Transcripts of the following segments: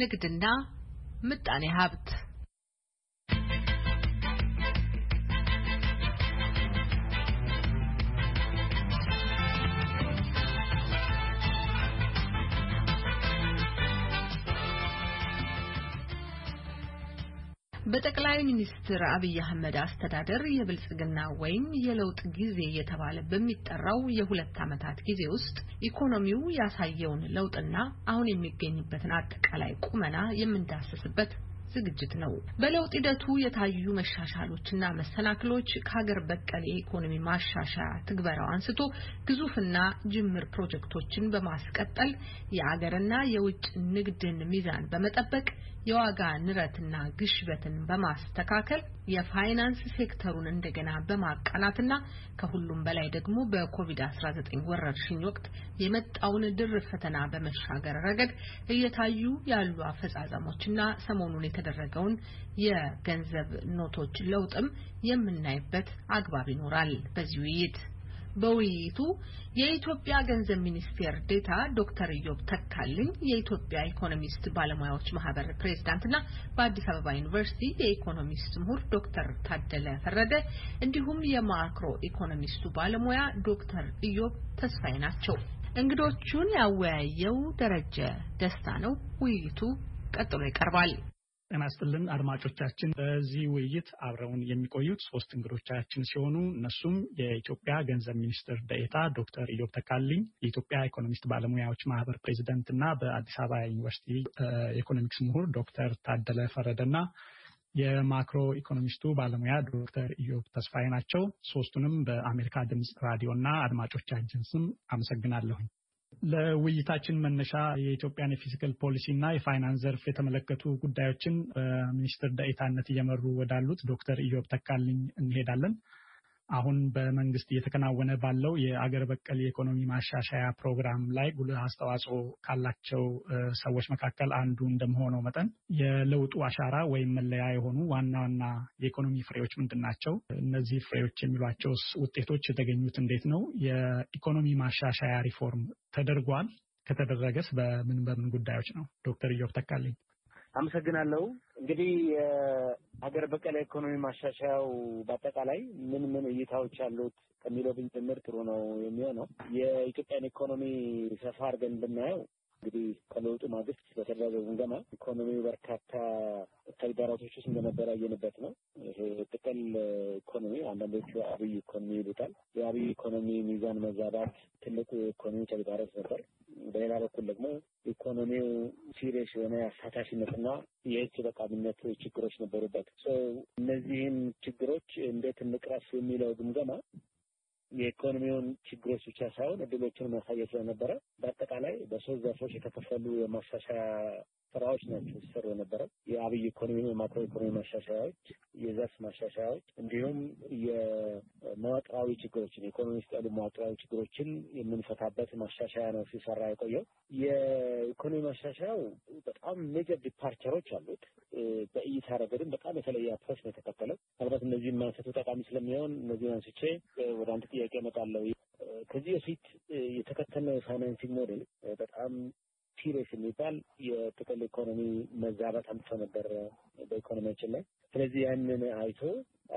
ንግድና ምጣኔ ሀብት ሚኒስትር አብይ አህመድ አስተዳደር የብልጽግና ወይም የለውጥ ጊዜ እየተባለ በሚጠራው የሁለት ዓመታት ጊዜ ውስጥ ኢኮኖሚው ያሳየውን ለውጥና አሁን የሚገኝበትን አጠቃላይ ቁመና የምንዳሰስበት ዝግጅት ነው። በለውጥ ሂደቱ የታዩ መሻሻሎችና መሰናክሎች ከሀገር በቀል የኢኮኖሚ ማሻሻያ ትግበራው አንስቶ ግዙፍና ጅምር ፕሮጀክቶችን በማስቀጠል የአገርና የውጭ ንግድን ሚዛን በመጠበቅ የዋጋ ንረትና ግሽበትን በማስተካከል የፋይናንስ ሴክተሩን እንደገና በማቃናትና ከሁሉም በላይ ደግሞ በኮቪድ-19 ወረርሽኝ ወቅት የመጣውን ድር ፈተና በመሻገር ረገድ እየታዩ ያሉ አፈጻጸሞችና ሰሞኑን የተደረገውን የገንዘብ ኖቶች ለውጥም የምናይበት አግባብ ይኖራል በዚህ ውይይት። በውይይቱ የኢትዮጵያ ገንዘብ ሚኒስቴር ዴታ ዶክተር ኢዮብ ተካልኝ፣ የኢትዮጵያ ኢኮኖሚስት ባለሙያዎች ማህበር ፕሬዝዳንትና በአዲስ አበባ ዩኒቨርሲቲ የኢኮኖሚስት ምሁር ዶክተር ታደለ ፈረደ እንዲሁም የማክሮ ኢኮኖሚስቱ ባለሙያ ዶክተር ኢዮብ ተስፋዬ ናቸው። እንግዶቹን ያወያየው ደረጀ ደስታ ነው። ውይይቱ ቀጥሎ ይቀርባል። ጤና ይስጥልን አድማጮቻችን። በዚህ ውይይት አብረውን የሚቆዩት ሶስት እንግዶቻችን ሲሆኑ እነሱም የኢትዮጵያ ገንዘብ ሚኒስትር ደኤታ ዶክተር ኢዮብ ተካልኝ፣ የኢትዮጵያ ኢኮኖሚስት ባለሙያዎች ማህበር ፕሬዚደንት እና በአዲስ አበባ ዩኒቨርሲቲ ኢኮኖሚክስ ምሁር ዶክተር ታደለ ፈረደና የማክሮ ኢኮኖሚስቱ ባለሙያ ዶክተር ኢዮብ ተስፋዬ ናቸው። ሶስቱንም በአሜሪካ ድምፅ ራዲዮ እና አድማጮቻችን ስም አመሰግናለሁኝ። ለውይይታችን መነሻ የኢትዮጵያን የፊዚካል ፖሊሲ እና የፋይናንስ ዘርፍ የተመለከቱ ጉዳዮችን በሚኒስትር ደኤታነት እየመሩ ወዳሉት ዶክተር ኢዮብ ተካልኝ እንሄዳለን። አሁን በመንግስት እየተከናወነ ባለው የአገር በቀል የኢኮኖሚ ማሻሻያ ፕሮግራም ላይ ጉልህ አስተዋጽኦ ካላቸው ሰዎች መካከል አንዱ እንደመሆነው መጠን የለውጡ አሻራ ወይም መለያ የሆኑ ዋና ዋና የኢኮኖሚ ፍሬዎች ምንድን ናቸው? እነዚህ ፍሬዎች የሚሏቸው ውጤቶች የተገኙት እንዴት ነው? የኢኮኖሚ ማሻሻያ ሪፎርም ተደርጓል? ከተደረገስ በምን በምን ጉዳዮች ነው? ዶክተር ኢዮብ ተካልኝ አመሰግናለሁ። እንግዲህ የሀገር በቀል ኢኮኖሚ ማሻሻያው በአጠቃላይ ምን ምን እይታዎች አሉት ከሚለው ብንጀምር ጥሩ ነው የሚሆነው። የኢትዮጵያን ኢኮኖሚ ሰፋ አድርገን ብናየው እንግዲህ ከለውጡ ማግስት በተደረገ ግምገማ ኢኮኖሚው በርካታ ተግዳሮቶች ውስጥ እንደነበረ ያየንበት ነው። ይሄ ጥቅል ኢኮኖሚ አንዳንዶቹ አብይ ኢኮኖሚ ይሉታል። የአብይ ኢኮኖሚ ሚዛን መዛባት ትልቁ የኢኮኖሚ ተግዳሮት ነበር። በሌላ በኩል ደግሞ ኢኮኖሚው ሲሪየስ የሆነ አሳታፊነትና የህግ ተጠቃሚነት ችግሮች ነበሩበት። እነዚህን ችግሮች እንዴት እንቅረፍ የሚለው ግምገማ የኢኮኖሚውን ችግሮች ብቻ ሳይሆን እድሎችን ማሳየት ስለነበረ በአጠቃላይ በሶስት ዘርፎች የተከፈሉ የማሻሻያ ስራዎች ናቸው ሲሰሩ የነበረ የአብይ ኢኮኖሚ የማክሮ ኢኮኖሚ ማሻሻያዎች፣ የዘርፍ ማሻሻያዎች እንዲሁም የመዋቅራዊ ችግሮችን የኢኮኖሚ ውስጥ ያሉ መዋቅራዊ ችግሮችን የምንፈታበት ማሻሻያ ነው ሲሰራ የቆየው። የኢኮኖሚ ማሻሻያው በጣም ሜጀር ዲፓርቸሮች አሉት። እይታ ረገድም በጣም የተለየ አፕሮች ነው የተከተለው። ምናልባት እነዚህም ማንሰቱ ጠቃሚ ስለሚሆን እነዚህ አንስቼ ወደ አንድ ጥያቄ እመጣለሁ። ከዚህ በፊት የተከተለ ፋይናንሲንግ ሞዴል በጣም ሲሪየስ የሚባል የጥቅል ኢኮኖሚ መዛባት አምጥቶ ነበር በኢኮኖሚያችን ላይ። ስለዚህ ያንን አይቶ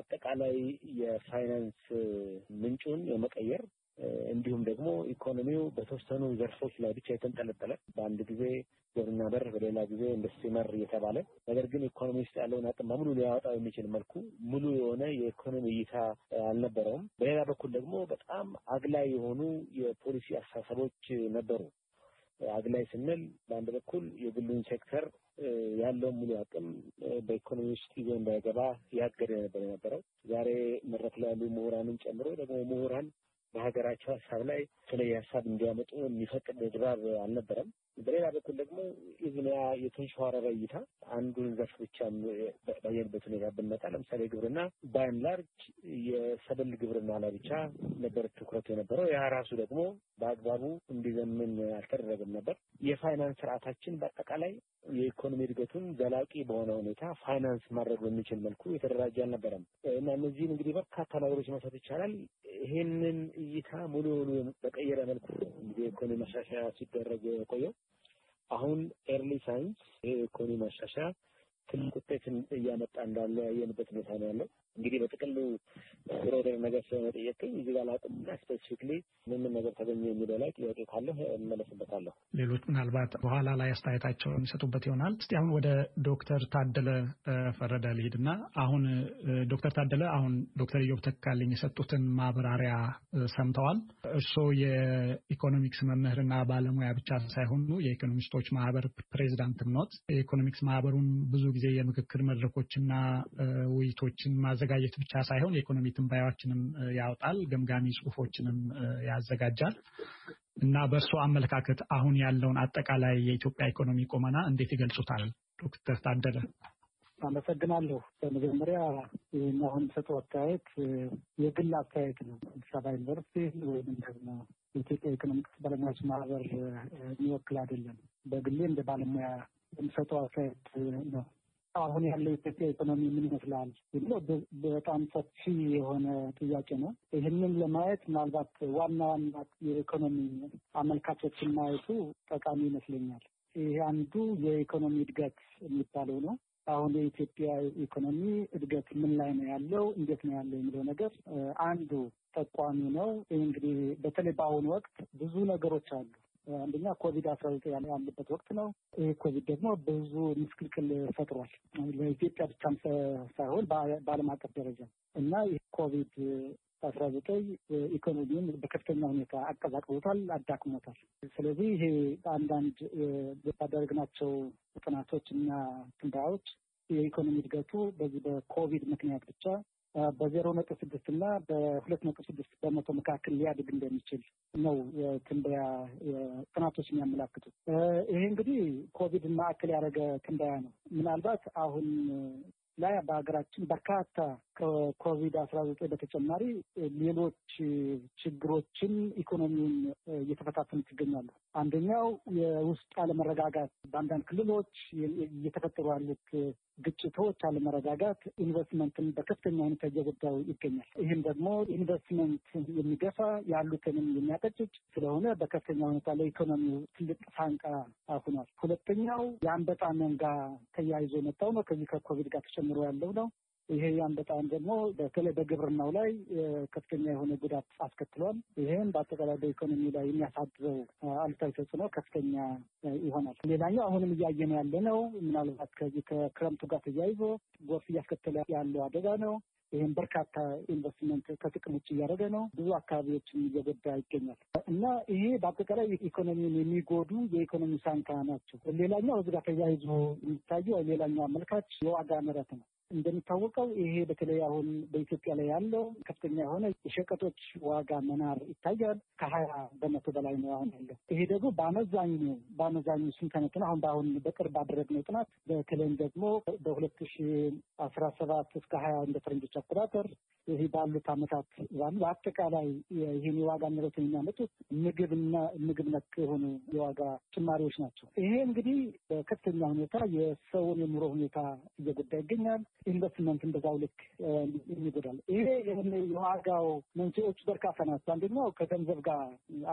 አጠቃላይ የፋይናንስ ምንጩን የመቀየር እንዲሁም ደግሞ ኢኮኖሚው በተወሰኑ ዘርፎች ላይ ብቻ የተንጠለጠለ በአንድ ጊዜ ግብርና በር በሌላ ጊዜ ኢንዱስትሪ መር እየተባለ ነገር ግን ኢኮኖሚ ውስጥ ያለውን አቅም በሙሉ ሊያወጣው የሚችል መልኩ ሙሉ የሆነ የኢኮኖሚ እይታ አልነበረውም። በሌላ በኩል ደግሞ በጣም አግላይ የሆኑ የፖሊሲ አስተሳሰቦች ነበሩ። አግላይ ስንል በአንድ በኩል የግሉን ሴክተር ያለውን ሙሉ አቅም በኢኮኖሚ ውስጥ ይዞ እንዳይገባ ያገደ ነበር የነበረው። ዛሬ መድረክ ላይ ያሉ ምሁራንን ጨምሮ ደግሞ ምሁራን በሀገራቸው ሀሳብ ላይ የተለየ ሀሳብ እንዲያመጡ የሚፈቅድ ድባብ አልነበረም። በሌላ በኩል ደግሞ ኢዝን የተንሸዋረረ እይታ አንዱን ዘርፍ ብቻ ባየንበት ሁኔታ ብንመጣ ለምሳሌ ግብርና ላርጅ የሰብል ግብርና ላይ ብቻ ነበር ትኩረት የነበረው። ያ ራሱ ደግሞ በአግባቡ እንዲዘምን አልተደረገም ነበር። የፋይናንስ ስርዓታችን በአጠቃላይ የኢኮኖሚ እድገቱን ዘላቂ በሆነ ሁኔታ ፋይናንስ ማድረግ በሚችል መልኩ የተደራጀ አልነበረም እና እነዚህን እንግዲህ በርካታ ነገሮች ማንሳት ይቻላል። ይህንን እይታ ሙሉ ሙሉ በቀየረ መልኩ እንግዲህ መሻሻያ ሲደረግ የቆየው አሁን ኤርሊ ሳይንስ የኢኮኖሚ ማሻሻያ ትልቅ ውጤትን እያመጣ እንዳለ ያየንበት ሁኔታ ነው ያለው። እንግዲህ በጥቅሉ ሮደር ነገር ስለመጠየቅኝ እዚህ ጋር ላቅም ላቁምና ስፔሲፊክሊ ምንም ነገር ተገኘ የሚለው ላይ ጥያቄ ካለ እመለስበታለሁ። ሌሎች ምናልባት በኋላ ላይ አስተያየታቸው የሚሰጡበት ይሆናል። እስቲ አሁን ወደ ዶክተር ታደለ ፈረደ ልሂድና አሁን ዶክተር ታደለ አሁን ዶክተር ኢዮብ ተካልኝ የሰጡትን ማብራሪያ ሰምተዋል። እርስዎ የኢኮኖሚክስ መምህርና ባለሙያ ብቻ ሳይሆኑ የኢኮኖሚስቶች ማህበር ፕሬዚዳንትም ኖት። የኢኮኖሚክስ ማህበሩን ብዙ ጊዜ የምክክር መድረኮችና ውይይቶችን ማዘ ማዘጋጀት ብቻ ሳይሆን የኢኮኖሚ ትንባያዎችንም ያወጣል፣ ገምጋሚ ጽሁፎችንም ያዘጋጃል እና በእርሶ አመለካከት አሁን ያለውን አጠቃላይ የኢትዮጵያ ኢኮኖሚ ቁመና እንዴት ይገልጹታል? ዶክተር ታደለ አመሰግናለሁ። በመጀመሪያ ይህን አሁን ሰጡ አስተያየት የግል አስተያየት ነው። አዲስ አበባ ዩኒቨርሲቲ ወይም ደግሞ የኢትዮጵያ ኢኮኖሚክስ ባለሙያዎች ማህበር የሚወክል አይደለም። በግሌ እንደ ባለሙያ የሚሰጡ አስተያየት ነው። አሁን ያለው ኢትዮጵያ ኢኮኖሚ ምን ይመስላል የሚለው በጣም ሰፊ የሆነ ጥያቄ ነው። ይህንን ለማየት ምናልባት ዋና ዋና የኢኮኖሚ አመልካቾችን ማየቱ ጠቃሚ ይመስለኛል። ይህ አንዱ የኢኮኖሚ እድገት የሚባለው ነው። አሁን የኢትዮጵያ ኢኮኖሚ እድገት ምን ላይ ነው ያለው፣ እንዴት ነው ያለው የሚለው ነገር አንዱ ጠቋሚ ነው። ይህ እንግዲህ በተለይ በአሁኑ ወቅት ብዙ ነገሮች አሉ። አንደኛ ኮቪድ አስራ ዘጠኝ ያለበት ወቅት ነው። ይህ ኮቪድ ደግሞ ብዙ ምስቅልቅል ፈጥሯል። ለኢትዮጵያ ብቻም ሳይሆን በዓለም አቀፍ ደረጃ እና ይህ ኮቪድ አስራ ዘጠኝ ኢኮኖሚውን በከፍተኛ ሁኔታ አቀዛቅዞታል፣ አዳክሞታል። ስለዚህ ይሄ አንዳንድ ባደረግናቸው ጥናቶች እና ትንበያዎች የኢኮኖሚ እድገቱ በዚህ በኮቪድ ምክንያት ብቻ በዜሮ ነጥብ ስድስት እና በሁለት ነጥብ ስድስት በመቶ መካከል ሊያድግ እንደሚችል ነው ትንበያ ጥናቶች የሚያመላክቱ። ይሄ እንግዲህ ኮቪድ ማዕከል ያደረገ ትንበያ ነው። ምናልባት አሁን ላይ በሀገራችን በርካታ ከኮቪድ አስራ ዘጠኝ በተጨማሪ ሌሎች ችግሮችን ኢኮኖሚውን እየተፈታተኑ ትገኛሉ። አንደኛው የውስጥ አለመረጋጋት በአንዳንድ ክልሎች እየተፈጠሩ ያሉት ግጭቶች፣ አለመረጋጋት ኢንቨስትመንትን በከፍተኛ ሁኔታ እየጎዳው ይገኛል። ይህም ደግሞ ኢንቨስትመንት የሚገፋ ያሉትንም የሚያቀጭጭ ስለሆነ በከፍተኛ ሁኔታ ለኢኮኖሚው ትልቅ ሳንቃ ሆኗል። ሁለተኛው የአንበጣ መንጋ ተያይዞ የመጣው ነው። ከዚህ ከኮቪድ ጋር ተጨምሮ ያለው ነው። ይሄ ያንበጣም ደግሞ በተለይ በግብርናው ላይ ከፍተኛ የሆነ ጉዳት አስከትሏል። ይሄም በአጠቃላይ በኢኮኖሚ ላይ የሚያሳድረው አሉታዊ ተጽዕኖ ከፍተኛ ይሆናል። ሌላኛው አሁንም እያየን ያለ ነው። ምናልባት ከዚህ ከክረምቱ ጋር ተያይዞ ጎርፍ እያስከተለ ያለው አደጋ ነው። ይህም በርካታ ኢንቨስትመንት ከጥቅም ውጭ እያደረገ ነው። ብዙ አካባቢዎችን እየጎዳ ይገኛል እና ይሄ በአጠቃላይ ኢኮኖሚን የሚጎዱ የኢኮኖሚ ሳንካ ናቸው። ሌላኛው እዚህ ጋር ተያይዞ የሚታየው ሌላኛው አመልካች የዋጋ ንረት ነው። እንደሚታወቀው ይሄ በተለይ አሁን በኢትዮጵያ ላይ ያለው ከፍተኛ የሆነ የሸቀጦች ዋጋ መናር ይታያል። ከሀያ በመቶ በላይ ነው አሁን ያለው። ይሄ ደግሞ በአመዛኙ በአመዛኙ ስንተነትን አሁን በአሁን በቅርብ ባደረግነው ጥናት በተለይም ደግሞ በሁለት ሺ አስራ ሰባት እስከ ሀያ እንደ ፈረንጆች አቆጣጠር ይህ ባሉት አመታት ባሉ በአጠቃላይ ይህን የዋጋ ንረት የሚያመጡት ምግብና ምግብ ነክ የሆኑ የዋጋ ጭማሪዎች ናቸው። ይሄ እንግዲህ በከፍተኛ ሁኔታ የሰውን የኑሮ ሁኔታ እየጎዳ ይገኛል። ኢንቨስትመንት እንደዛው ልክ ይጎዳል። ይሄ የዋጋው መንስኤዎቹ በርካታ ናቸው። አንደኛው ከገንዘብ ጋር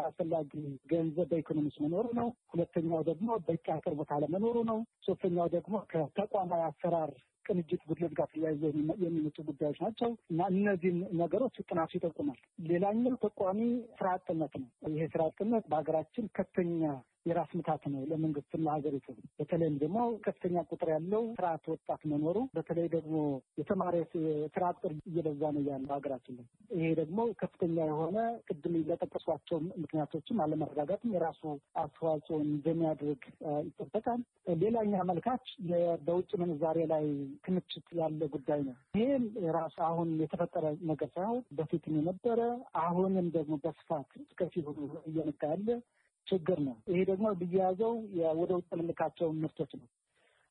አስፈላጊ ገንዘብ በኢኮኖሚስ መኖሩ ነው። ሁለተኛው ደግሞ በቂ አቅርቦት አለመኖሩ ነው። ሶስተኛው ደግሞ ከተቋማዊ አሰራር ቅንጅት ጉድለት ጋር ተያይዘ የሚመጡ ጉዳዮች ናቸው እና እነዚህም ነገሮች ጥናቱ ይጠቁማል። ሌላኛው ጠቋሚ ስራ አጥነት ነው። ይሄ ስራ አጥነት በሀገራችን ከፍተኛ የራስ ምታት ነው ለመንግስት ለሀገሪቱ። በተለይም ደግሞ ከፍተኛ ቁጥር ያለው ስርዓት ወጣት መኖሩ በተለይ ደግሞ የተማሪ ስራ ቁጥር እየበዛ ነው ያለ ሀገራችን ላይ። ይሄ ደግሞ ከፍተኛ የሆነ ቅድም ለጠቀሷቸው ምክንያቶችም አለመረጋጋትም የራሱ አስተዋጽኦ እንደሚያድርግ ይጠበቃል። ሌላኛ መልካች በውጭ ምንዛሬ ላይ ክምችት ያለ ጉዳይ ነው። ይህም ራሱ አሁን የተፈጠረ ነገር ሳይሆን በፊትም የነበረ አሁንም ደግሞ በስፋት እስከፊ እየመጣ ያለ ችግር ነው። ይሄ ደግሞ ብያያዘው ወደ ውጭ የምንልካቸውን ምርቶች ነው።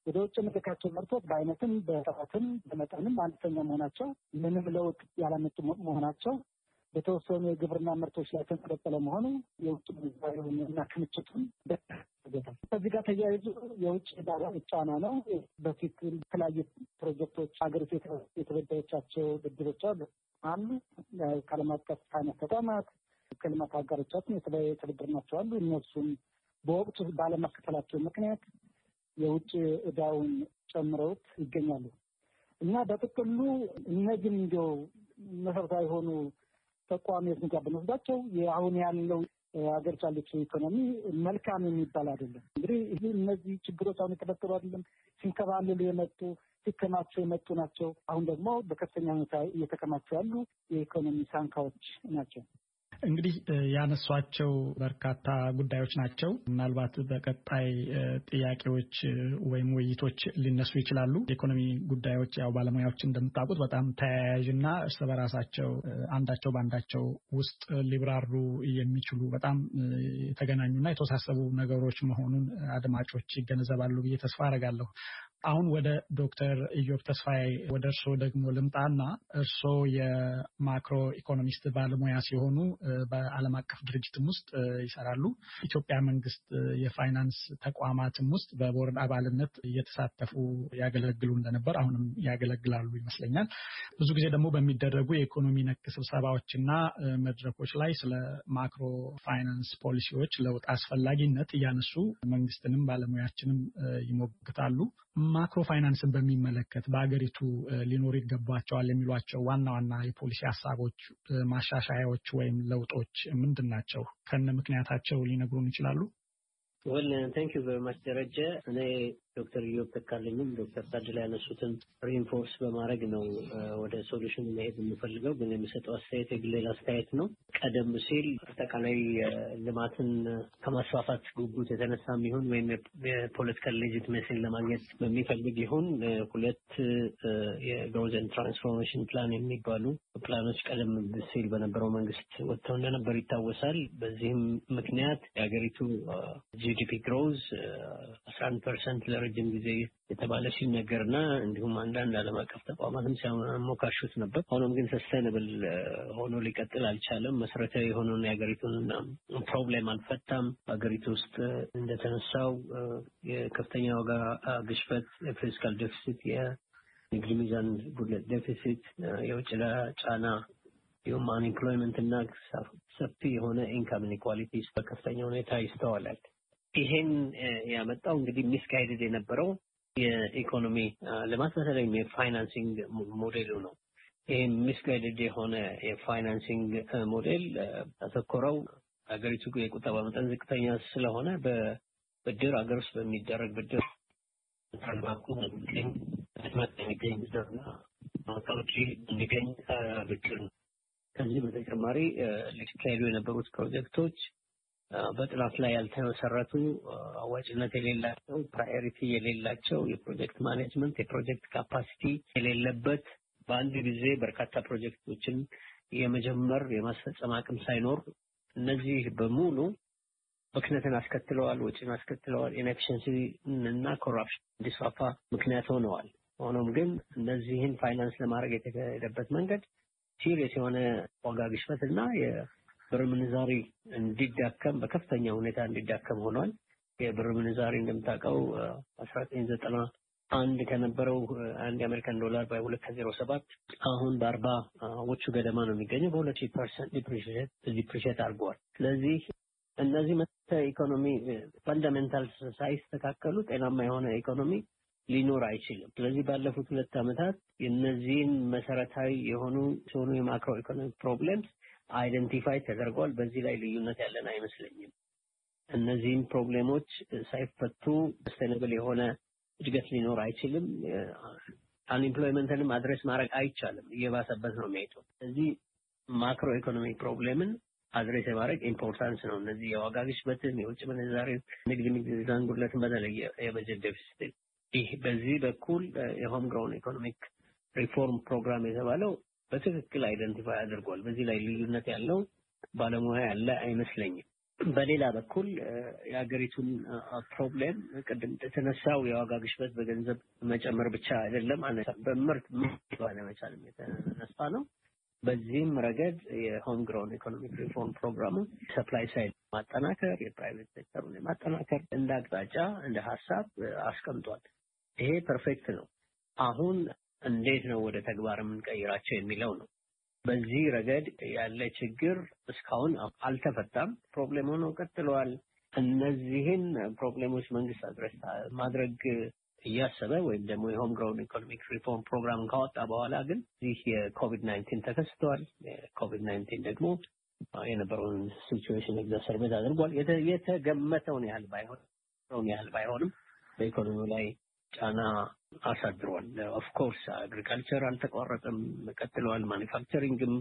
ወደ ውጭ የምንልካቸው ምርቶች በአይነትም፣ በጥራትም፣ በመጠንም አነስተኛ መሆናቸው ምንም ለውጥ ያላመጡ መሆናቸው በተወሰኑ የግብርና ምርቶች ላይ ተንጠለጠለ መሆኑ የውጭ ምንዛሬውን እና ክምችቱን በታል። ከዚህ ጋር ተያይዞ የውጭ ዕዳ ጫና ነው። በፊት የተለያዩ ፕሮጀክቶች ሀገሪቱ የተበዳዮቻቸው ብድሮች አሉ ከዓለም አቀፍ ፋይናንስ ተቋማት ከልማት አጋሮቻችን የተበደርናቸው አሉ። እነሱም በወቅቱ ባለመከፈላቸው ምክንያት የውጭ እዳውን ጨምረውት ይገኛሉ እና በጥቅሉ እነዚህም እንዲያው መሰረታዊ የሆኑ ተቋሚ ጋር ብንወስዳቸው አሁን ያለው ሀገር ቻለች ኢኮኖሚ መልካም የሚባል አይደለም። እንግዲህ እነዚህ ችግሮች አሁን የተፈጠሩ አይደለም፣ ሲንከባልሉ የመጡ ሲከማቸው የመጡ ናቸው። አሁን ደግሞ በከፍተኛ ሁኔታ እየተከማቸው ያሉ የኢኮኖሚ ሳንካዎች ናቸው። እንግዲህ ያነሷቸው በርካታ ጉዳዮች ናቸው። ምናልባት በቀጣይ ጥያቄዎች ወይም ውይይቶች ሊነሱ ይችላሉ። የኢኮኖሚ ጉዳዮች ያው ባለሙያዎች እንደምታውቁት በጣም ተያያዥና እርስ በራሳቸው አንዳቸው በአንዳቸው ውስጥ ሊብራሩ የሚችሉ በጣም የተገናኙና የተወሳሰቡ ነገሮች መሆኑን አድማጮች ይገነዘባሉ ብዬ ተስፋ አረጋለሁ። አሁን ወደ ዶክተር ኢዮብ ተስፋዬ ወደ እርስዎ ደግሞ ልምጣና እርስዎ የማክሮ ኢኮኖሚስት ባለሙያ ሲሆኑ በዓለም አቀፍ ድርጅትም ውስጥ ይሰራሉ። ኢትዮጵያ መንግስት የፋይናንስ ተቋማትም ውስጥ በቦርድ አባልነት እየተሳተፉ ያገለግሉ እንደነበር አሁንም ያገለግላሉ ይመስለኛል። ብዙ ጊዜ ደግሞ በሚደረጉ የኢኮኖሚ ነክ ስብሰባዎችና መድረኮች ላይ ስለ ማክሮ ፋይናንስ ፖሊሲዎች ለውጥ አስፈላጊነት እያነሱ መንግስትንም ባለሙያችንም ይሞግታሉ። ማክሮ ፋይናንስን በሚመለከት በሀገሪቱ ሊኖሩ ይገባቸዋል የሚሏቸው ዋና ዋና የፖሊሲ ሀሳቦች፣ ማሻሻያዎች ወይም ለውጦች ምንድን ናቸው? ከነ ምክንያታቸው ሊነግሩን ይችላሉ? ወል ንክ ዩ ቨሪ ማች ደረጀ። እኔ ዶክተር ዮብ ተካለኝም ዶክተር ታድላ ያነሱትን ሪንፎርስ በማድረግ ነው ወደ ሶሉሽን መሄድ የምፈልገው። ግን የሚሰጠው አስተያየት የግሌል አስተያየት ነው። ቀደም ሲል አጠቃላይ ልማትን ከማስፋፋት ጉጉት የተነሳ ይሁን ወይም የፖለቲካል ሌጂትመሲን ለማግኘት በሚፈልግ ይሁን ሁለት የግሮዝ ትራንስፎርሜሽን ፕላን የሚባሉ ፕላኖች ቀደም ሲል በነበረው መንግስት ወጥተው እንደነበር ይታወሳል። በዚህም ምክንያት የሀገሪቱ ጂዲፒ ግሮዝ አስራ አንድ ፐርሰንት ለረጅም ጊዜ የተባለ ሲነገርና እንዲሁም አንዳንድ ዓለም አቀፍ ተቋማትም ሲያሞካሹት ነበር። ሆኖም ግን ሰስተንብል ሆኖ ሊቀጥል አልቻለም። መሰረታዊ የሆነውን የሀገሪቱን ፕሮብሌም አልፈታም። በሀገሪቱ ውስጥ እንደተነሳው የከፍተኛ ዋጋ ግሽበት፣ የፊስካል ዴፊሲት፣ የንግድ ሚዛን ጉድለት ዴፊሲት፣ የውጭ ጫና እንዲሁም አንኤምፕሎይመንት እና ሰፊ የሆነ ኢንካም ኢኒኳሊቲስ በከፍተኛ ሁኔታ ይስተዋላል። ይሄን ያመጣው እንግዲህ ሚስጋይድድ የነበረው የኢኮኖሚ ልማት በተለይም የፋይናንሲንግ ሞዴሉ ነው። ይህ ሚስጋይድድ የሆነ የፋይናንሲንግ ሞዴል ያተኮረው ሀገሪቱ የቁጠባ መጠን ዝቅተኛ ስለሆነ በብድር ሀገር ውስጥ በሚደረግ ብድር ባንኩ ህትመት የሚገኝ ብድርና ከውጭ የሚገኝ ብድር ነው። ከዚህ በተጨማሪ ሊካሄዱ የነበሩት ፕሮጀክቶች በጥናት ላይ ያልተመሰረቱ አዋጭነት የሌላቸው ፕራዮሪቲ የሌላቸው የፕሮጀክት ማኔጅመንት የፕሮጀክት ካፓሲቲ የሌለበት በአንድ ጊዜ በርካታ ፕሮጀክቶችን የመጀመር የማስፈጸም አቅም ሳይኖር እነዚህ በሙሉ ብክነትን አስከትለዋል፣ ወጪን አስከትለዋል፣ ኢንኤፊሽንሲ እና ኮራፕሽን እንዲስፋፋ ምክንያት ሆነዋል። ሆኖም ግን እነዚህን ፋይናንስ ለማድረግ የተካሄደበት መንገድ ሲሪየስ የሆነ ዋጋ ግሽበት እና ብር ምንዛሪ እንዲዳከም በከፍተኛ ሁኔታ እንዲዳከም ሆኗል። የብር ምንዛሪ እንደምታውቀው አስራ ዘጠኝ ዘጠና አንድ ከነበረው አንድ የአሜሪካን ዶላር በሁለት ከዜሮ ሰባት አሁን በአርባዎቹ ገደማ ነው የሚገኘው። በሁለት ሺህ ፐርሰንት ዲፕሪሽት አድርገዋል። ስለዚህ እነዚህ መተ ኢኮኖሚ ፈንዳሜንታል ሳይስተካከሉ ጤናማ የሆነ ኢኮኖሚ ሊኖር አይችልም። ስለዚህ ባለፉት ሁለት ዓመታት የእነዚህን መሰረታዊ የሆኑ ሲሆኑ የማክሮ ኢኮኖሚክ ፕሮብሌምስ አይደንቲፋይ ተደርጓል። በዚህ ላይ ልዩነት ያለን አይመስለኝም። እነዚህም ፕሮብሌሞች ሳይፈቱ ሰስተይነብል የሆነ እድገት ሊኖር አይችልም። አንኤምፕሎይመንትንም አድረስ ማድረግ አይቻልም። እየባሰበት ነው የሚሄደው። እዚህ ማክሮ ኢኮኖሚ ፕሮብሌምን አድሬስ የማድረግ ኢምፖርታንስ ነው። እነዚህ የዋጋ ግሽበትን፣ የውጭ ምንዛሬ፣ ንግድ ሚዛን ጉድለትን፣ በተለይ የበጀት ዴፊሲት ይህ በዚህ በኩል የሆም ግሮውን ኢኮኖሚክ ሪፎርም ፕሮግራም የተባለው በትክክል አይደንቲፋይ አድርጓል። በዚህ ላይ ልዩነት ያለው ባለሙያ ያለ አይመስለኝም። በሌላ በኩል የሀገሪቱን ፕሮብሌም ቅድም የተነሳው የዋጋ ግሽበት በገንዘብ መጨመር ብቻ አይደለም፣ በምርት ባለመቻልም የተነሳ ነው። በዚህም ረገድ የሆም ግሮን ኢኮኖሚክ ሪፎርም ፕሮግራሙ ሰፕላይ ሳይድ ማጠናከር፣ የፕራይቬት ሴክተሩን ማጠናከር እንደ አቅጣጫ እንደ ሀሳብ አስቀምጧል። ይሄ ፐርፌክት ነው። አሁን እንዴት ነው ወደ ተግባር የምንቀይራቸው የሚለው ነው። በዚህ ረገድ ያለ ችግር እስካሁን አልተፈታም። ፕሮብሌም ሆነው ቀጥለዋል። እነዚህን ፕሮብሌሞች መንግስት አድረስ ማድረግ እያሰበ ወይም ደግሞ የሆም ግሮውን ኢኮኖሚክ ሪፎርም ፕሮግራም ካወጣ በኋላ ግን ይህ የኮቪድ ናይንቲን ተከስተዋል። የኮቪድ ናይንቲን ደግሞ የነበረውን ሲትዌሽን ኤግዛሰርቤት አድርጓል። የተገመተውን ያህል ባይሆን ያህል ባይሆንም በኢኮኖሚው ላይ ጫና አሳድሯል። ኦፍኮርስ አግሪካልቸር አልተቋረጠም፣ ቀጥለዋል። ማኒፋክቸሪንግም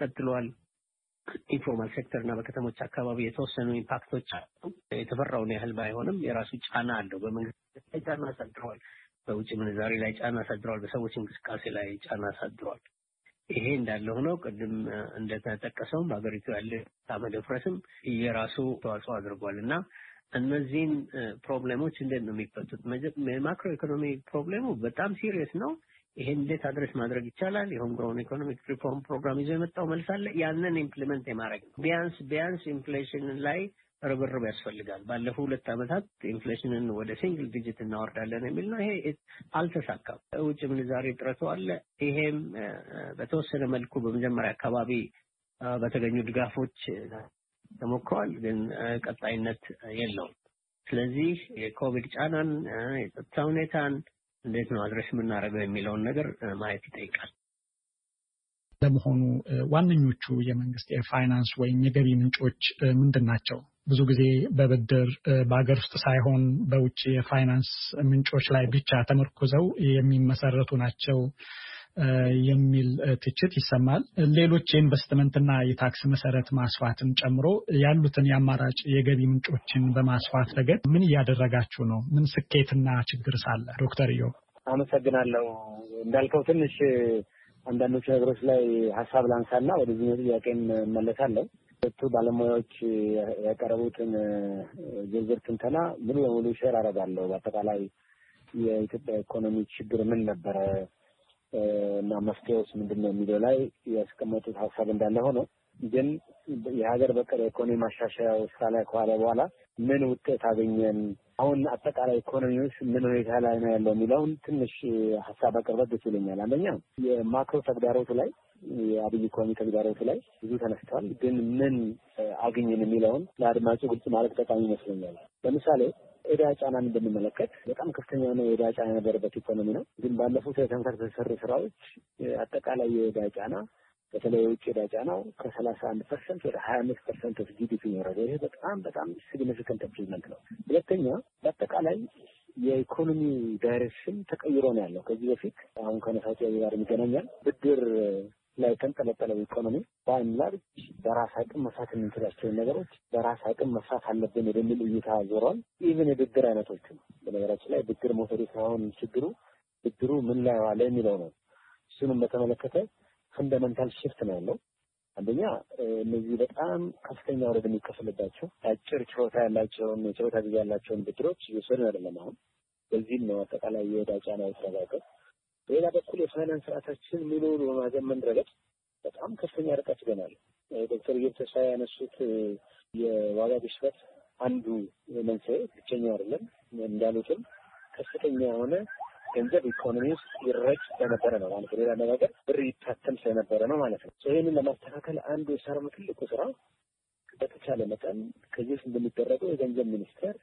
ቀጥለዋል። ኢንፎርማል ሴክተር እና በከተሞች አካባቢ የተወሰኑ ኢምፓክቶች አሉ። የተፈራውን ያህል ባይሆንም የራሱ ጫና አለው። በመንግስት ላይ ጫና አሳድረዋል። በውጭ ምንዛሬ ላይ ጫና አሳድረዋል። በሰዎች እንቅስቃሴ ላይ ጫና አሳድረዋል። ይሄ እንዳለ ሆነው ቅድም እንደተጠቀሰውም ሀገሪቱ ያለ ታመደፍረስም የራሱ ተዋጽኦ አድርጓል እና እነዚህን ፕሮብሌሞች እንዴት ነው የሚፈቱት? ማክሮ ኢኮኖሚ ፕሮብሌሙ በጣም ሲሪየስ ነው። ይሄን እንዴት አድረስ ማድረግ ይቻላል? የሆም ግሮን ኢኮኖሚክ ሪፎርም ፕሮግራም ይዞ የመጣው መልስ አለ። ያንን ኢምፕሊመንት የማድረግ ነው። ቢያንስ ቢያንስ ኢንፍሌሽን ላይ ርብርብ ያስፈልጋል። ባለፉ ሁለት ዓመታት ኢንፍሌሽንን ወደ ሲንግል ዲጂት እናወርዳለን የሚል ነው። ይሄ አልተሳካም። ውጭ ምንዛሬ እጥረቱ አለ። ይሄም በተወሰነ መልኩ በመጀመሪያ አካባቢ በተገኙ ድጋፎች ተሞክሯል፣ ግን ቀጣይነት የለውም። ስለዚህ የኮቪድ ጫናን፣ የጸጥታ ሁኔታን እንዴት ነው አድረስ የምናደርገው የሚለውን ነገር ማየት ይጠይቃል። ለመሆኑ ዋነኞቹ የመንግስት የፋይናንስ ወይም የገቢ ምንጮች ምንድን ናቸው? ብዙ ጊዜ በብድር በሀገር ውስጥ ሳይሆን በውጭ የፋይናንስ ምንጮች ላይ ብቻ ተመርኩዘው የሚመሰረቱ ናቸው የሚል ትችት ይሰማል። ሌሎች የኢንቨስትመንትና የታክስ መሰረት ማስፋትን ጨምሮ ያሉትን የአማራጭ የገቢ ምንጮችን በማስፋት ረገድ ምን እያደረጋችሁ ነው? ምን ስኬትና ችግር ሳለ? ዶክተር ዮ አመሰግናለሁ። እንዳልከው ትንሽ አንዳንዶቹ ነገሮች ላይ ሀሳብ ላንሳና ወደዚህ ጥያቄ እመለሳለሁ። ሁለቱ ባለሙያዎች ያቀረቡትን ዝርዝር ትንተና ሙሉ በሙሉ ሼር አደርጋለሁ። በአጠቃላይ የኢትዮጵያ ኢኮኖሚ ችግር ምን ነበረ እና መፍትሄውስ ምንድን ነው የሚለው ላይ ያስቀመጡት ሀሳብ እንዳለ ሆኖ ግን የሀገር በቀል ኢኮኖሚ ማሻሻያ ስራ ላይ ከዋለ በኋላ ምን ውጤት አገኘን፣ አሁን አጠቃላይ ውስጥ ምን ሁኔታ ላይ ነው ያለው የሚለውን ትንሽ ሀሳብ አቅርበት ደስ ይለኛል። አንደኛ የማክሮ ተግዳሮቱ ላይ የአብይ ኢኮኖሚ ተግዳሮቱ ላይ ብዙ ተነስተዋል ግን ምን አገኘን የሚለውን ለአድማጩ ግልጽ ማለት ጠቃሚ ይመስለኛል። ለምሳሌ ዕዳ ጫናን ብንመለከት በጣም ከፍተኛ የሆነ የዕዳ ጫና የነበረበት ኢኮኖሚ ነው። ግን ባለፉት ተንፈር ተሰሩ ስራዎች አጠቃላይ የዕዳ ጫና በተለይ የውጭ ዕዳ ጫናው ከሰላሳ አንድ ፐርሰንት ወደ ሀያ አምስት ፐርሰንት ኦፍ ጂዲፒ ይኖራል። ይሄ በጣም በጣም ሲግኒፊካንት ኢምፕሩቭመንት ነው። ሁለተኛ በአጠቃላይ የኢኮኖሚ ዳይሬክሽን ተቀይሮ ነው ያለው። ከዚህ በፊት አሁን ከነሳቸው ጋር የሚገናኛል ብድር ላይ ተንጠለጠለው ኢኮኖሚ በአንላርጅ በራስ አቅም መስራት የምንችላቸውን ነገሮች በራስ አቅም መስራት አለብን ወደሚል እይታ ዞሯል። ኢቨን የብድር አይነቶች ነው። በነገራችን ላይ ብድር መውሰዱ ሳይሆን ችግሩ ብድሩ ምን ላይ ዋለ የሚለው ነው። እሱንም በተመለከተ ፈንዳመንታል ሽፍት ነው ያለው። አንደኛ እነዚህ በጣም ከፍተኛ ወረድ የሚከፍልባቸው አጭር ችሎታ ያላቸውን የችሎታ ጊዜ ያላቸውን ብድሮች እየወሰድን አይደለም አሁን። በዚህም ነው አጠቃላይ የወዳጫ ነው የተረጋገጠው። በሌላ በኩል የፋይናንስ ስርዓታችን ሙሉ በማዘመን ረገድ በጣም ከፍተኛ ርቀት ገናል። ዶክተር ኢዮብ ተስፋ ያነሱት የዋጋ ግሽበት አንዱ መንስኤ ብቸኛው አይደለም። እንዳሉትም ከፍተኛ የሆነ ገንዘብ ኢኮኖሚ ውስጥ ይረጭ ስለነበረ ነው ማለት ነው። ሌላ አነጋገር ብር ይታተም ስለነበረ ነው ማለት ነው። ይህንን ለማስተካከል አንዱ የሰራነው ትልቁ ስራ በተቻለ መጠን ከዚህ እንደሚደረገው የገንዘብ ሚኒስቴር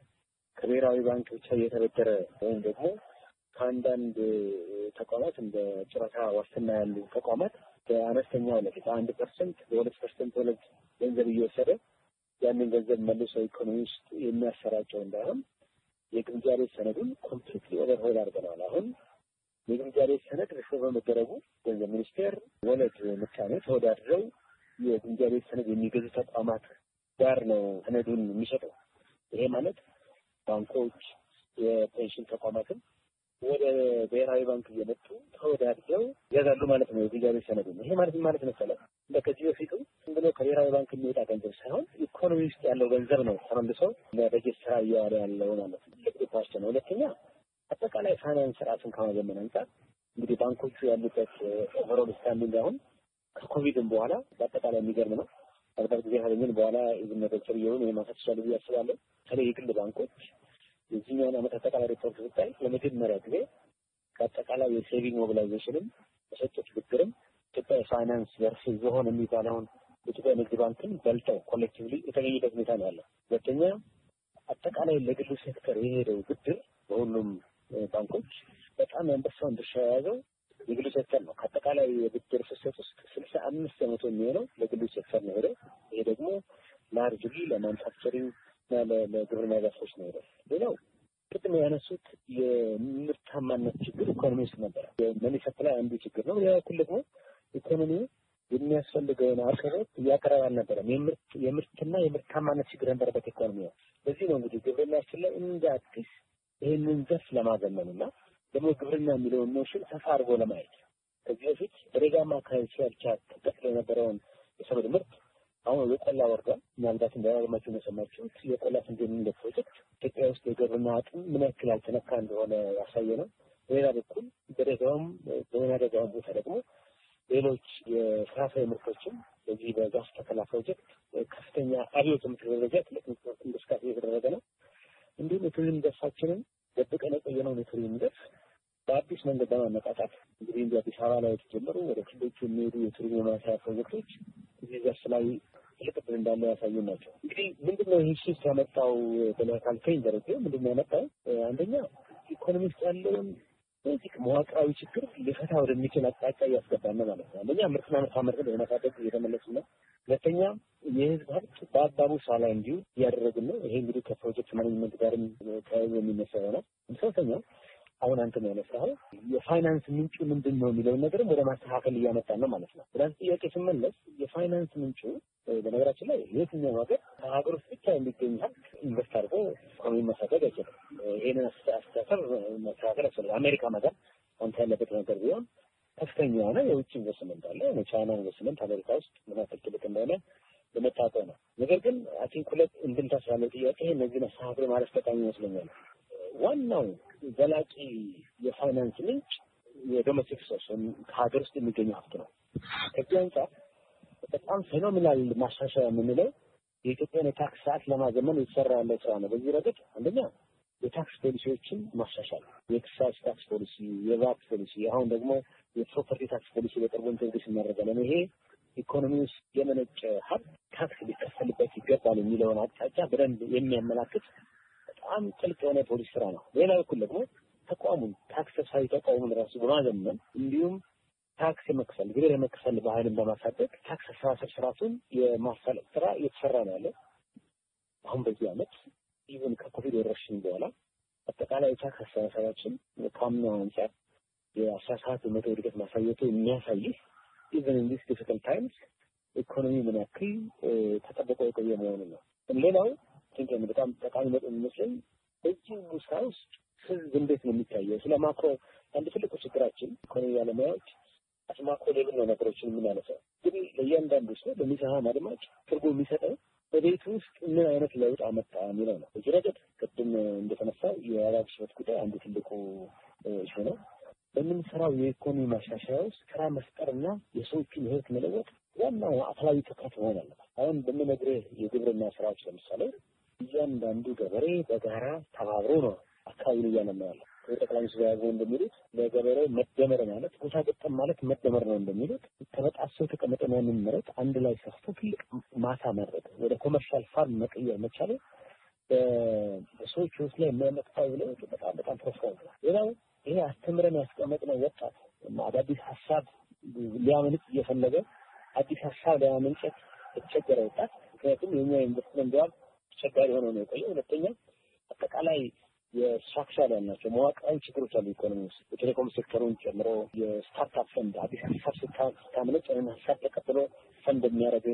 ከብሔራዊ ባንክ ብቻ እየተበደረ ወይም ደግሞ ከአንዳንድ ተቋማት እንደ ጨረታ ዋስትና ያሉ ተቋማት በአነስተኛ ወለድ በአንድ ፐርሰንት በሁለት ፐርሰንት ወለድ ገንዘብ እየወሰደ ያንን ገንዘብ መልሶ ኢኮኖሚ ውስጥ የሚያሰራጨው እንዳይሆን የግምጃ ቤት ሰነዱን ኮምፕሊት ኦቨርሆል አድርገናል። አሁን የግምጃ ቤት ሰነድ ርሾ በመደረጉ ገንዘብ ሚኒስቴር ወለድ ምጣኔ ተወዳድረው የግምጃ ቤት ሰነድ የሚገዙ ተቋማት ጋር ነው ሰነዱን የሚሰጠው። ይሄ ማለት ባንኮች፣ የፔንሽን ተቋማትን ወደ ብሔራዊ ባንክ እየመጡ ተወዳድረው ያዛሉ ማለት ነው። የግንዛቤ ሰነዱ ይሄ ማለት ማለት መሰለህ እንደ ከዚህ በፊቱ ዝም ብሎ ከብሔራዊ ባንክ የሚወጣ ገንዘብ ሳይሆን ኢኮኖሚ ውስጥ ያለው ገንዘብ ነው ተመልሶ ለበጀት ስራ እያዋለ ያለው ማለት ነው። ትልቅ ኳስቸ ነው። ሁለተኛ አጠቃላይ ፋይናንስ ስርዓቱን ከማዘመን አንጻር እንግዲህ ባንኮቹ ያሉበት ኦቨሮል ስታንዲንግ አሁን ከኮቪድም በኋላ በአጠቃላይ የሚገርም ነው። ከብታት ጊዜ ካገኘን በኋላ የዝነቶችር እየሆኑ ወይም ይቻሉ ብዬ አስባለሁ። በተለይ የግል ባንኮች የዚህኛውን ዓመት አጠቃላይ ሪፖርት ስታይ ለመጀመሪያ ጊዜ ከአጠቃላይ የሴቪንግ ሞቢላይዜሽንም የሰጡት ብድርም ኢትዮጵያ የፋይናንስ ዘርፍ ዝሆን የሚባለውን የኢትዮጵያ ንግድ ባንክን በልጠው ኮሌክቲቭሊ የተገኘበት ሁኔታ ነው ያለው። ሁለተኛ አጠቃላይ ለግሉ ሴክተር የሄደው ብድር በሁሉም ባንኮች በጣም የአንበሳውን ድርሻ የያዘው የግሉ ሴክተር ነው። ከአጠቃላይ የብድር ፍሰት ውስጥ ስልሳ አምስት በመቶ የሚሆነው ለግሉ ሴክተር ነው ሄደው ይሄ ደግሞ ላርጅሊ ለማንፋክቸሪንግ እና ለግብርና ዘርፎች ነው ይረስ ሌላው ቅድም ያነሱት የምርታማነት ችግር ኢኮኖሚ ውስጥ ነበረ። የመኒፈት ላይ አንዱ ችግር ነው። ሌላ ኩል ደግሞ ኢኮኖሚ የሚያስፈልገውን አቅርቦት እያቀረበ አልነበረም። የምርትና የምርታማነት ችግር ነበረበት ኢኮኖሚ ነው። በዚህ ነው እንግዲህ ግብርና ግብርናችን ላይ እንደ አዲስ ይህንን ዘርፍ ለማዘመን እና ደግሞ ግብርና የሚለውን ኖሽን ሰፋ አድርጎ ለማየት ከዚህ በፊት በደጋማ አካባቢ ሲያልቻ ተጠቅሎ የነበረውን የሰብል ምርት አሁን የቆላ ቆላ ወርዷል። ምናልባት እንዳያርማቸው እንደሰማችሁት የቆላ ስንዴ የምንለው ፕሮጀክት ኢትዮጵያ ውስጥ የግብርና አቅም ምን ያክል ያልተነካ እንደሆነ ያሳየ ነው። በሌላ በኩል በደጋውም በወይናደጋውም ቦታ ደግሞ ሌሎች የፍራፍሬ ምርቶችም በዚህ በዛፍ ተከላ ፕሮጀክት ከፍተኛ አብዮት የምትደረገ ትልቅ እንቅስቃሴ እየተደረገ ነው። እንዲሁም የቱሪዝም ዘርፋችንን ደብቀን የቆየነውን የቱሪዝም ዘርፍ በአዲስ መንገድ በማመጣጣት እንግዲህ እንዲ አዲስ አበባ ላይ የተጀመሩ ወደ ክልሎቹ የሚሄዱ የቱሪዝም ማስያ ፕሮጀክቶች እዚህ ዘርፍ ላይ ትልቅ ዕድል እንዳለው ያሳዩን ናቸው። እንግዲህ ምንድን ነው ይህ ሽፍት ያመጣው ብለህ ካልከኝ ደረጀ፣ ነው ያመጣው? አንደኛ ኢኮኖሚ ውስጥ ያለውን ቤዚክ መዋቅራዊ ችግር ሊፈታ ወደሚችል አቅጣጫ እያስገባን ነው ማለት ነው። አንደኛ ምርትና መታመርትን ለመሳደግ እየተመለሱ ነው። ሁለተኛ የህዝብ ሀብት በአግባቡ ስራ ላይ እንዲሁ እያደረግን ነው። ይሄ እንግዲህ ከፕሮጀክት ማኔጅመንት ጋርም ተያይዞ የሚነሳ ይሆናል። ሶስተኛው አሁን አንተ ነው ያነሳው የፋይናንስ ምንጩ ምንድን ነው የሚለውን ነገርም ወደ ማስተካከል እያመጣ ነው ማለት ነው። ወደዚህ ጥያቄ ስመለስ የፋይናንስ ምንጩ በነገራችን ላይ የትኛው ሀገር ሀገር ውስጥ ብቻ የሚገኝ ሀብት ኢንቨስት አድርጎ ኢኮኖሚ መሳደግ አይችልም። ይህንን አስተሳሰብ መስተካከል ያስፈልጋል። አሜሪካ ሀገር አንተ ያለበት ነገር ቢሆን ከፍተኛ የሆነ የውጭ ኢንቨስትመንት አለ። የቻይና ኢንቨስትመንት አሜሪካ ውስጥ ምን ያክል ትልቅ እንደሆነ የመታወቀ ነው። ነገር ግን አይ ቲንክ ሁለት እንድምታ ስላለው ጥያቄ እነዚህ መስተካከል ማለት ጠቃሚ ይመስለኛል። ዋናው ዘላቂ የፋይናንስ ምንጭ የዶሜስቲክ ሶርስ ከሀገር ውስጥ የሚገኙ ሀብት ነው። ከዚህ አንጻር በጣም ፌኖሚናል ማሻሻያ የምንለው የኢትዮጵያን የታክስ ሰዓት ለማዘመን የተሰራ ያለ ስራ ነው። በዚህ ረገድ አንደኛ የታክስ ፖሊሲዎችን ማሻሻል፣ የኤክሳይዝ ታክስ ፖሊሲ፣ የቫት ፖሊሲ፣ አሁን ደግሞ የፕሮፐርቲ ታክስ ፖሊሲ በቅርቡ ኢንቴግሬሽን እናደርጋለን። ይሄ ኢኮኖሚ ውስጥ የመነጨ ሀብት ታክስ ሊከፈልበት ይገባል የሚለውን አቅጣጫ በደንብ የሚያመላክት በጣም ጥልቅ የሆነ የፖሊስ ስራ ነው። ሌላ በኩል ደግሞ ተቋሙን ታክስ ሰብሳቢ ተቋሙን ራሱ በማዘመን እንዲሁም ታክስ የመክፈል ግብር የመክፈል ባህልን በማሳደግ ታክስ አሰባሰብ ስርዓቱን የማሳለጥ ስራ እየተሰራ ነው ያለው። አሁን በዚህ አመት ኢቨን ከኮቪድ ወረርሽኝ በኋላ አጠቃላይ ታክስ አሰባሰባችን ከአምናው አንጻር የአስራ ሰባት በመቶ እድገት ማሳየቱ የሚያሳይህ ኢቨን ኢን ዲስ ዲፊካልት ታይምስ ኢኮኖሚ ምን ያክል ተጠብቆ የቆየ መሆኑን ነው። ሌላው ሲገኝ በጣም ጠቃሚ ነጥብ የሚመስለኝ በዚህ ሁሉ ስራ ውስጥ ህዝብ እንዴት ነው የሚታየው? ስለ ማክሮ አንድ ትልቁ ችግራችን ኢኮኖሚ ባለሙያዎች አስማኮ ሌብል ነው ነገሮችን የምናነሳው። እንግዲህ ለእያንዳንዱ ሰው በሚሰማ አድማጭ ትርጉም የሚሰጠው በቤት ውስጥ ምን አይነት ለውጥ አመጣ የሚለው ነው። በዚህ ረገድ ቅድም እንደተነሳ የዋጋ ግሽበት ጉዳይ አንዱ ትልቁ እሱ ነው። በምንሰራው የኢኮኖሚ ማሻሻያ ውስጥ ስራ መፍጠርና የሰዎችን ህይወት መለወጥ ዋናው ማዕከላዊ ትኩረት መሆን አለበት። አሁን በምነግርህ የግብርና ስራዎች ለምሳሌ እያንዳንዱ ገበሬ በጋራ ተባብሮ ነው አካባቢን እያለማ ያለ። ጠቅላይ ሚኒስትር ያዘው እንደሚሉት ለገበሬው መደመር ማለት ጎሳ ገጠም ማለት መደመር ነው እንደሚሉት ተበጣሶ የተቀመጠ ነው የሚመረጥ አንድ ላይ ሰፍቶ ትልቅ ማሳ መረጥ ወደ ኮመርሻል ፋርም መቀየር መቻለ በሰዎች ውስጥ ላይ የሚያመጣው ለውጥ በጣም በጣም ፕሮፋይል ነው። ሌላው ይሄ አስተምረን ያስቀመጥ ነው ወጣት አዳዲስ ሀሳብ ሊያመንጭ እየፈለገ አዲስ ሀሳብ ሊያመንጨት የተቸገረ ወጣት ምክንያቱም የኛ ኢንቨስትመንት ዋል አስቸጋሪ ሆኖ ነው የቆየ። ሁለተኛ አጠቃላይ የስትራክቸር ያላቸው መዋቅራዊ ችግሮች አሉ። ኢኮኖሚ ውስጥ የቴሌኮም ሴክተሩን ጨምሮ የስታርታፕ ፈንድ አዲስ ሀሳብ ስታምለጭ ወይም ሀሳብ ተቀብሎ ፈንድ የሚያደርግ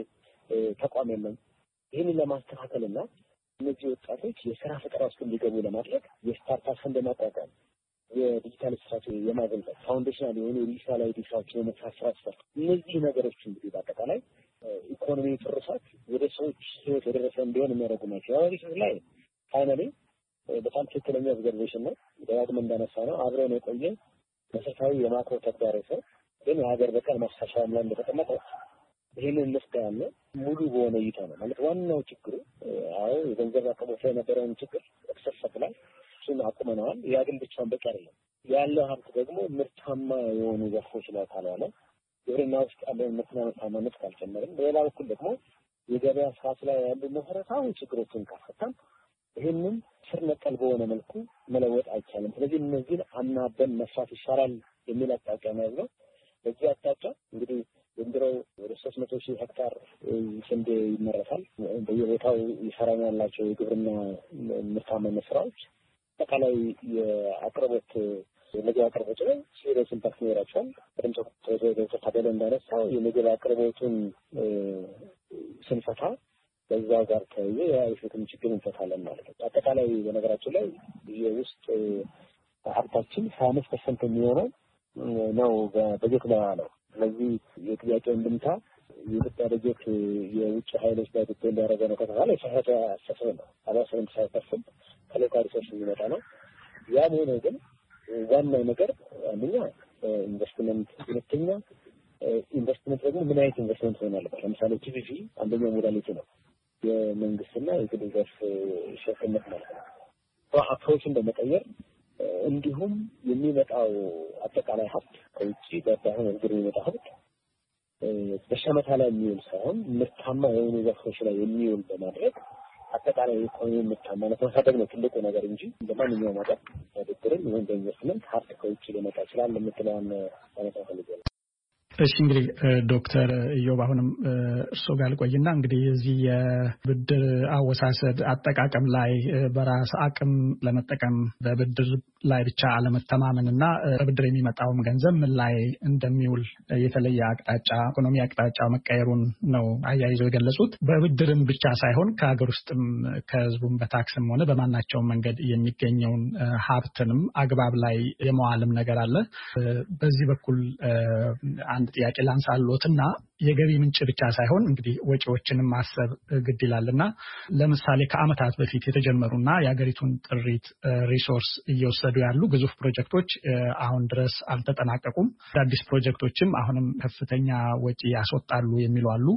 ተቋም የለም። ይህንን ለማስተካከል እና እነዚህ ወጣቶች የስራ ፈጠራ ውስጥ እንዲገቡ ለማድረግ የስታርታፕ ፈንድ ማቋቋም፣ የዲጂታል ስራት የማገልጠል ፋውንዴሽናል የሆኑ ዲጂታላዊ ዲሻዎችን የመስራት ስራ እነዚህ ነገሮች እንግዲህ በአጠቃላይ ኢኮኖሚ ጥርሳት ወደ ሰዎች ህይወት የደረሰ እንዲሆን የሚያደርጉ ናቸው። ያው ሪሰርች ላይ ፋይናሊ በጣም ትክክለኛ ኦብዘርቬሽን ነው። ደጋግሞ እንዳነሳ ነው አብረን የቆየ መሰረታዊ የማክሮ ተግዳሮ ሰው ግን የሀገር በቀል ማሻሻያም ላይ እንደተቀመጠ ይህንን ንፍታ ያለ ሙሉ በሆነ እይታ ነው ማለት ዋናው ችግሩ። አዎ የገንዘብ አቅሞት ላይ የነበረውን ችግር እቅሰሰት ላይ እሱን አቁመነዋል። ያ ግን ብቻውን በቂ አይደለም። ያለው ሀብት ደግሞ ምርታማ የሆኑ ዘርፎች ላይ ካላለ ግብርና ውስጥ ያለውን ምርታማነት ካልጨመርም፣ በሌላ በኩል ደግሞ የገበያ ስርዓቱ ላይ ያሉ መሰረታዊ ችግሮችን ካልፈታም ይህንም ስር ነቀል በሆነ መልኩ መለወጥ አይቻልም። ስለዚህ እነዚህን አናበን መስራት ይሻላል የሚል አቅጣጫ መያዝ ነው። በዚህ አቅጣጫ እንግዲህ ዘንድሮው ወደ ሶስት መቶ ሺህ ሄክታር ስንዴ ይመረታል። በየቦታው ይሰራን ያላቸው የግብርና ምርታማነት ስራዎች አጠቃላይ የአቅርቦት የምግብ አቅርቦት ላይ ሲሪየስ ኢምፓክት ይኖራቸዋል። ዶክተር ታደለ እንዳነሳው የምግብ አቅርቦቱን ስንፈታ በዛው ጋር ተያይዞ የአይሸትም ችግር እንፈታለን ማለት ነው። አጠቃላይ በነገራችን ላይ የውስጥ ሀብታችን ሀያ አምስት ፐርሰንት የሚሆነው ነው በጀት ላይ ነው። ስለዚህ የጥያቄ እንድምታ የኢትዮጵያ በጀት የውጭ ሀይሎች ላይ ጉዳይ እንዲያደረገ ነው ከተባለ የተሳሳተ አስተሳሰብ ነው። አባ ስምንት ፐርሰንት ከሎካል ሪሶርስ የሚመጣ ነው። ያም ሆነ ግን ዋናው ነገር አንደኛ ኢንቨስትመንት፣ ሁለተኛ ኢንቨስትመንት ደግሞ ምን አይነት ኢንቨስትመንት ሆን አለበት። ለምሳሌ ቲቪቪ አንደኛው ሞዳሊቲ ነው፣ የመንግስትና የግል ዘርፍ ሸፍነት ማለት ነው። አፕሮችን በመቀየር እንዲሁም የሚመጣው አጠቃላይ ሀብት ከውጭ በባሁን እግር የሚመጣ ሀብት በሸመታ ላይ የሚውል ሳይሆን ምርታማ የሆኑ ዘርፎች ላይ የሚውል በማድረግ አጠቃላይ ኢኮኖሚ ምርታማነት ማለት ማሳደግ ነው ትልቁ ነገር እንጂ በማንኛውም ማንኛውም አቀር በብድርም ወይም በኢንቨስትመንት ሀብት ከውጭ ሊመጣ ይችላል የምትለውን ለመጣ ነው። እሺ እንግዲህ ዶክተር ኢዮብ አሁንም እርስዎ ጋር ልቆይና እንግዲህ እዚህ የብድር አወሳሰድ አጠቃቀም ላይ በራስ አቅም ለመጠቀም በብድር ላይ ብቻ አለመተማመን እና ብድር የሚመጣውም ገንዘብ ምን ላይ እንደሚውል የተለየ አቅጣጫ ኢኮኖሚ አቅጣጫ መቀየሩን ነው አያይዘው የገለጹት። በብድርም ብቻ ሳይሆን ከሀገር ውስጥም ከህዝቡም በታክስም ሆነ በማናቸውም መንገድ የሚገኘውን ሀብትንም አግባብ ላይ የመዋልም ነገር አለ። በዚህ በኩል አንድ ጥያቄ ላንሳሎት እና የገቢ ምንጭ ብቻ ሳይሆን እንግዲህ ወጪዎችንም ማሰብ ግድ ይላል እና ለምሳሌ ከዓመታት በፊት የተጀመሩና የሀገሪቱን ጥሪት ሪሶርስ እየወሰ እየተወሰዱ ያሉ ግዙፍ ፕሮጀክቶች አሁን ድረስ አልተጠናቀቁም። አዳዲስ ፕሮጀክቶችም አሁንም ከፍተኛ ወጪ ያስወጣሉ የሚሉ አሉ።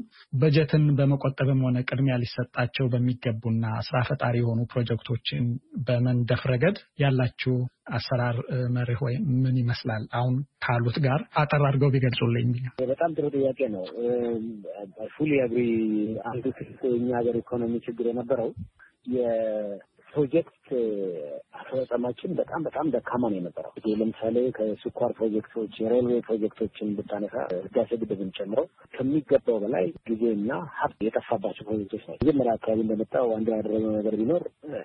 በጀትን በመቆጠብም ሆነ ቅድሚያ ሊሰጣቸው በሚገቡና ስራ ፈጣሪ የሆኑ ፕሮጀክቶችን በመንደፍ ረገድ ያላችሁ አሰራር መርህ ወይም ምን ይመስላል? አሁን ካሉት ጋር አጠር አድርገው ቢገልጹልኝ። በጣም ጥሩ ጥያቄ ነው። ፉሊ አግሪ። አንዱ እኛ ሀገር ኢኮኖሚ ችግር የነበረው ፕሮጀክት አፈጻጸማችን በጣም በጣም ደካማ ነው የነበረው። እንግዲህ ለምሳሌ ከስኳር ፕሮጀክቶች፣ የሬልዌ ፕሮጀክቶችን ብታነሳ ህዳሴ ግድብን ጨምረው ከሚገባው በላይ ጊዜና ሀብት የጠፋባቸው ፕሮጀክቶች ናቸው። መጀመሪያ አካባቢ እንደመጣው አንዱ ያደረገው ነገር ቢኖር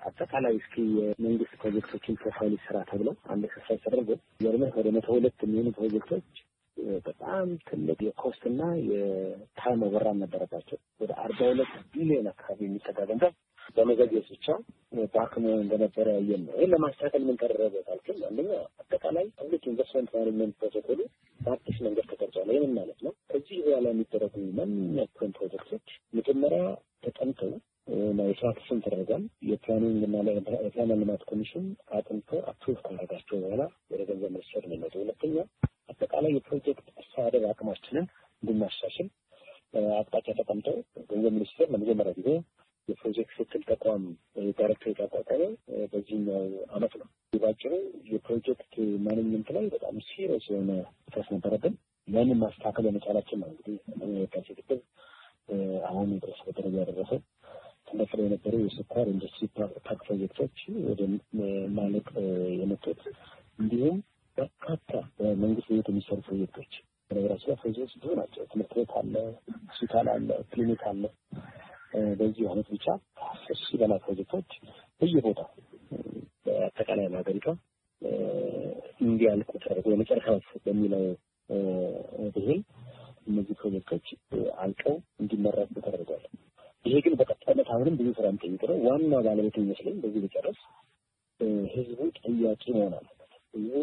አጠቃላይ እስኪ የመንግስት ፕሮጀክቶችን ፕሮፋይል ስራ ተብለው አንድ ክፍል ተደርጎ ጀርመን ወደ መቶ ሁለት የሚሆኑ ፕሮጀክቶች በጣም ትልቅ የኮስትና የታይም ወራን ነበረባቸው። ወደ አርባ ሁለት ቢሊዮን አካባቢ የሚጠጋ ገንዘብ በመዘግየት ብቻ ታክሞ እንደነበረ ያየን ነው። ይህን ለማስተካከል ምን ቀረበታል ግን አንደኛ አጠቃላይ ፐብሊክ ኢንቨስትመንት ማኔጅመንት ፕሮቶኮሉ በአዲስ መንገድ ተቀርጿል። ይህንን ማለት ነው ከዚህ በኋላ የሚደረጉ ማንኛቸውን ፕሮጀክቶች መጀመሪያ ተጠንተው የስራ ስም ተደረጋል። የፕላኒንግ እና የፕላንና ልማት ኮሚሽን አጥንቶ አፕሩቭ ካደረጋቸው በኋላ ወደ ገንዘብ ሚኒስቴር ነው የሚመጡ። ሁለተኛ አጠቃላይ የፕሮጀክት አስተዳደር አቅማችንን እንድናሻሽል አቅጣጫ ተቀምጠው ገንዘብ ሚኒስቴር ለመጀመሪያ ጊዜ የፕሮጀክት ክትትል ተቋም ዳይሬክተር የተቋቋመው በዚህኛው አመት ነው። ባጭሩ የፕሮጀክት ማኔጅመንት ላይ በጣም ሲሪየስ የሆነ ስስ ነበረብን። ያንን ማስተካከል የመቻላችን ነው እንግዲህ ህዳሴ ግድብ አሁን ድረስ በደረጃ ያደረሰው። ተነፍለ የነበሩ የስኳር ኢንዱስትሪ ፓርክ ፕሮጀክቶች ወደ ማለቅ የመጡት እንዲሁም በርካታ በመንግስት ቤት የሚሰሩ ፕሮጀክቶች በነገራችን ላይ ፕሮጀክት ብዙ ናቸው። ትምህርት ቤት አለ፣ ሆስፒታል አለ፣ ክሊኒክ አለ። በዚህ ዓመት ብቻ ከአስር ሺህ በላይ ፕሮጀክቶች በየቦታው በአጠቃላይ ሀገሪቷ እንዲያልቁ ተደርጎ የመጨረሻዎች በሚለው ብሄል እነዚህ ፕሮጀክቶች አልቀው እንዲመረቁ ተደርጓል። ይሄ ግን በቀጣይነት አሁንም ብዙ ስራ የሚጠይቅ ነው። ዋና ባለቤት ይመስለኝ በዚህ ሊጨረስ ህዝቡ ጠያቂ መሆን አለበት። ህዝቡ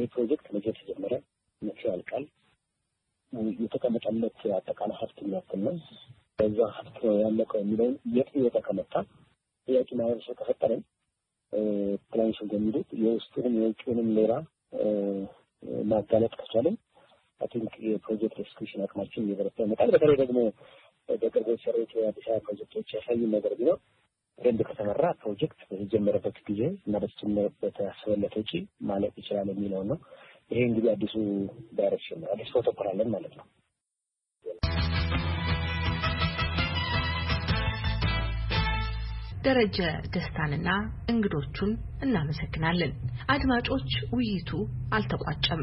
ይህ ፕሮጀክት መቼ ተጀመረ፣ መቼ ያልቃል፣ የተቀመጠለት አጠቃላይ ሀብት የሚያክል ነው በዛ ሀብት ነው ያለቀው የሚለውን የጥያቄ ከመጣ ጥያቄ ማህበረሰብ ከፈጠረን ፕላንሽ እንደሚሉት የውስጡንም የውጭውንም ሌላ ማጋለጥ ከቻለን አይ የፕሮጀክት ኤክስኪዩሽን አቅማችን እየበረታ ይመጣል። በተለይ ደግሞ በቅርቡ የተሰሩት የአዲስ አበባ ፕሮጀክቶች ያሳዩ ነገር ቢኖር በደንብ ከተመራ ፕሮጀክት በተጀመረበት ጊዜ እና በተሰበለት ውጪ ማለቅ ይችላል የሚለውን ነው። ይሄ እንግዲህ አዲሱ ዳይሬክሽን ነው። አዲስ ፕሮቶኮል አለን ማለት ነው። ደረጀ ደስታንና እንግዶቹን እናመሰግናለን። አድማጮች፣ ውይይቱ አልተቋጨም።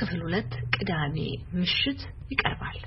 ክፍል ሁለት ቅዳሜ ምሽት ይቀርባል።